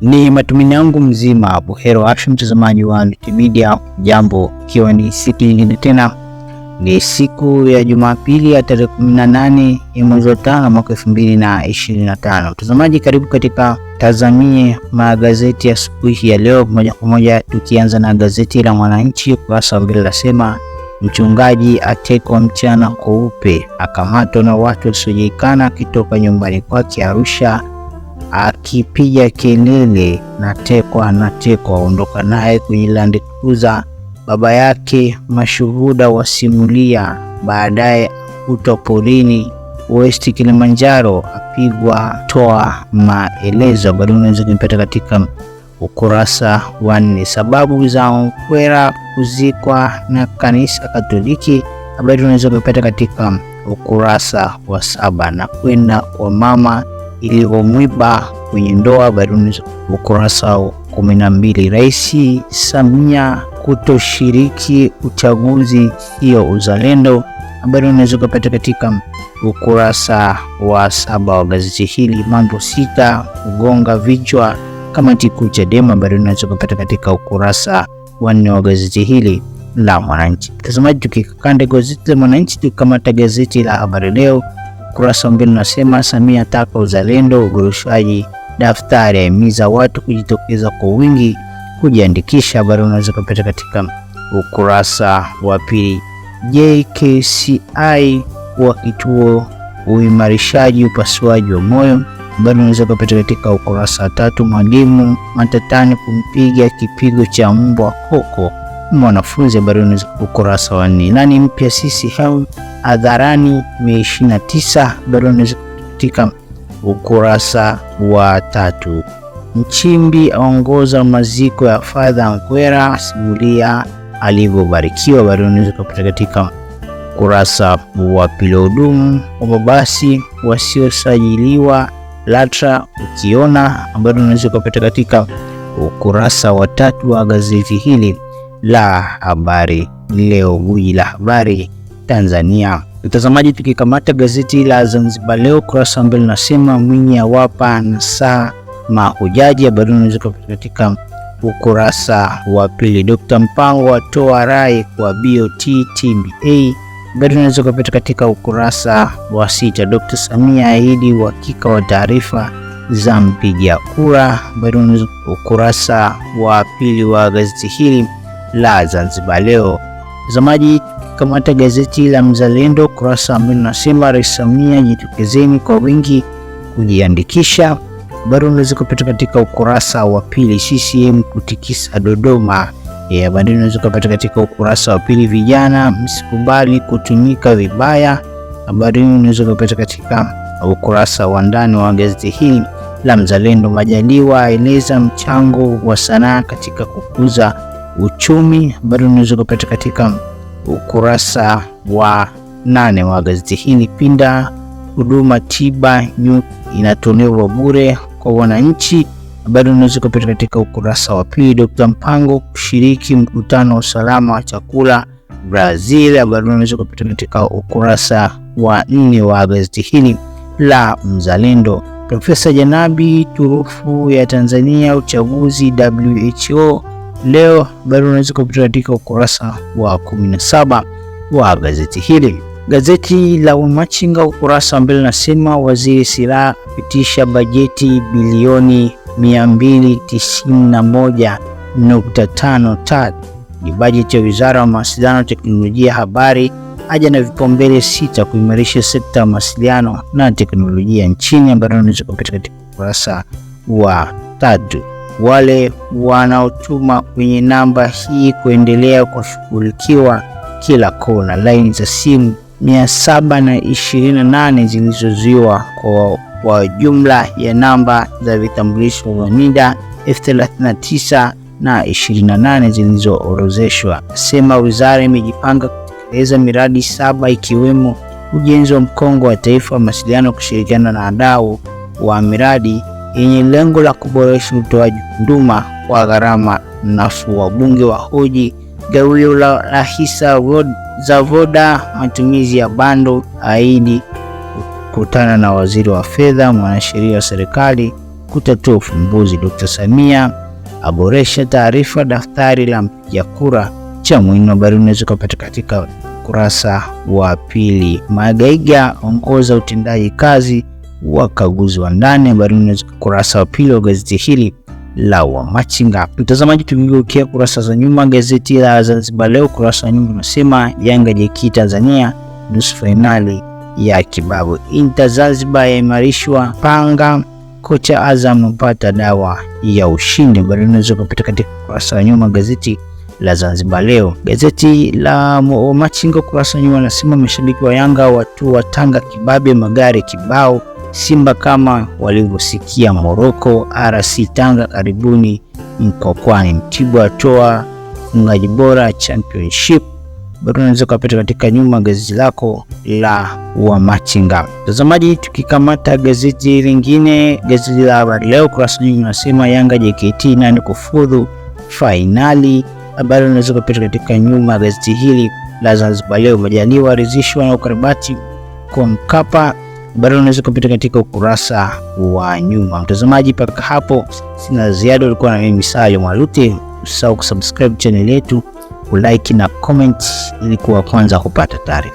Ni matumaini yangu mzima buheri wa afya, mtazamaji wa Multimedia. Jambo, ikiwa ni siku nyingine tena, ni siku ya Jumapili ya tarehe 18 ya mwezi wa tano mwaka 2025. Mtazamaji, karibu katika tazamie magazeti ya hii ya leo moja kwa moja, tukianza na gazeti la Mwananchi ukurasa wa mbele lasema Mchungaji atekwa mchana kweupe, akamatwa na watu wasiojulikana akitoka nyumbani kwake Arusha akipiga kelele, natekwa natekwa, ondoka naye kwenye Land Cruiser. Baba yake mashuhuda wasimulia, baadaye akutwa porini West Kilimanjaro, apigwa toa maelezo. Bado unaweza kumpata katika ukurasa wa nne. Sababu za Nkwera kuzikwa na kanisa Katoliki, habari unaweza kuipata katika ukurasa wa saba. Na kwenda kwa mama ilivyomwiba kwenye ndoa Baruni, ukurasa wa 12. Rais Samia kutoshiriki uchaguzi hiyo uzalendo. Habari unaweza ukapata katika ukurasa wa saba wa gazeti hili. Mambo sita ugonga vichwa kamati kuu Chadema. Habari unaweza ukapata katika ukurasa wa nne wa gazeti hili la Mwananchi. Mtazamaji, tukikanda gazeti la Mwananchi tukikamata gazeti la Habari Leo kurasa wa mbele unasema Samia ataka uzalendo ugurushaji daftari, ahimiza watu kujitokeza kwa wingi kujiandikisha. Habari unaweza kupata katika ukurasa wa pili. JKCI wa kituo uimarishaji upasuaji wa moyo, habari unaweza kupata katika ukurasa wa tatu. Mwalimu matatani kumpiga kipigo cha mbwa koko mwanafunzi, habari unaweza ukurasa wa nne. Nani mpya CCM hadharani Mei 29. Barua katika ukurasa wa tatu. Nchimbi aongoza maziko ya Fadha Nkwera, simulia alivyobarikiwa. Bado unaweza kupata katika ukurasa wa pili. Hudumu wa mabasi wasiosajiliwa LATRA ukiona, ambayo unaweza kupata katika ukurasa wa tatu wa gazeti hili la habari leo, guji la habari Tanzania. Mtazamaji, tukikamata gazeti la Zanzibar Leo kurasa mbili nasema Mwinyi awapa nasaha mahujaji, habari ziko katika ukurasa wa pili. Dr. Mpango atoa rai kwa BOT TBA, habari inaweza kupita katika ukurasa wa sita. Dr. Samia ahidi uhakika wa taarifa za mpiga kura, habari ukurasa wa pili wa gazeti hili la Zanzibar Leo. Mtazamaji Kamata gazeti la Mzalendo kurasa ambalo nasema Rais Samia, jitokezeni kwa wingi kujiandikisha. Habari unaweza kupata katika ukurasa wa pili. CCM kutikisa Dodoma. Eh, habari unaweza kupata katika ukurasa wa pili. Vijana msikubali kutumika vibaya. Habari unaweza kupata katika ukurasa wa ndani wa gazeti hili la Mzalendo. Majaliwa aeleza mchango wa sanaa katika kukuza uchumi. Habari unaweza kupata katika ukurasa wa nane wa gazeti hili. Pinda huduma tiba inatolewa bure kwa wananchi, bado unaweza kupita katika ukurasa wa pili. dr Mpango kushiriki mkutano wa usalama wa chakula Brazil, bado unaweza kupita katika ukurasa wa nne wa gazeti hili la Mzalendo. Profesa Janabi, turufu ya Tanzania uchaguzi WHO leo bado unaweza kupita katika ukurasa wa 17 wa gazeti hili. Gazeti la Wamachinga ukurasa wa mbele nasema waziri Silaa apitisha bajeti bilioni 291.53 ni bajeti ya wizara ya mawasiliano, teknolojia, habari haja na vipaumbele sita kuimarisha sekta ya mawasiliano na teknolojia nchini. ambayo unaweza kupita katika ukurasa wa tatu wale wanaotuma kwenye namba hii kuendelea kushughulikiwa kila kona. Laini za simu 728 zilizozuiwa kwa, kwa jumla ya namba za vitambulisho vya NIDA 1039 na 28 zilizoorozeshwa Sema wizara imejipanga kutekeleza miradi saba ikiwemo ujenzi wa mkongo wa taifa wa mawasiliano kushirikiana na wadau wa miradi yenye lengo la kuboresha utoaji huduma kwa gharama nafuu. Wabunge wa hoji gawio la hisa za Voda, matumizi ya bando, aidi kukutana na waziri wa fedha, mwanasheria wa serikali kutatua ufumbuzi. Dkt. Samia aboresha taarifa daftari la mpiga kura cha muhimu. Habari unaweza kupata katika kurasa wa pili. Magaiga ongoza utendaji kazi Wakaguzi wa ndani, habari unaweza kurasa wa pili wa gazeti hili la Wamachinga. Mtazamaji, tukigeukia kurasa za nyuma, gazeti la Zanzibar Leo kurasa wa nyuma unasema Yanga JK Tanzania nusu fainali ya kibabu, Inter Zanzibar yaimarishwa, panga kocha Azam mpata dawa ya ushindi. Habari unaweza kupita katika kurasa wa nyuma gazeti la Zanzibar Leo. Gazeti la Wamachinga kurasa wa nyuma nasema mashabiki wa Yanga watu wa Tanga kibabe, magari kibao Simba kama walivyosikia Moroko, RC Tanga karibuni Mkwakwani, Mtibwa atoa mfungaji bora championship. Bado unaweza ukapita katika nyuma gazeti lako la Wamachinga. Mtazamaji, tukikamata gazeti lingine, gazeti la Habari Leo kurasa nyingi unasema Yanga JKT nani kufudhu fainali. Bado unaweza ukapita katika nyuma gazeti hili la Zanzibar Leo, Majaliwa arizishwa na ukarabati kwa Mkapa bado unaweza kupita katika ukurasa wa nyuma. Mtazamaji, mpaka hapo sina ziada. Ulikuwa na mimi Sayo Mwaluti. Usisahau kusubscribe channel yetu, kulike na comment ili kuwa kwanza kupata taarifa.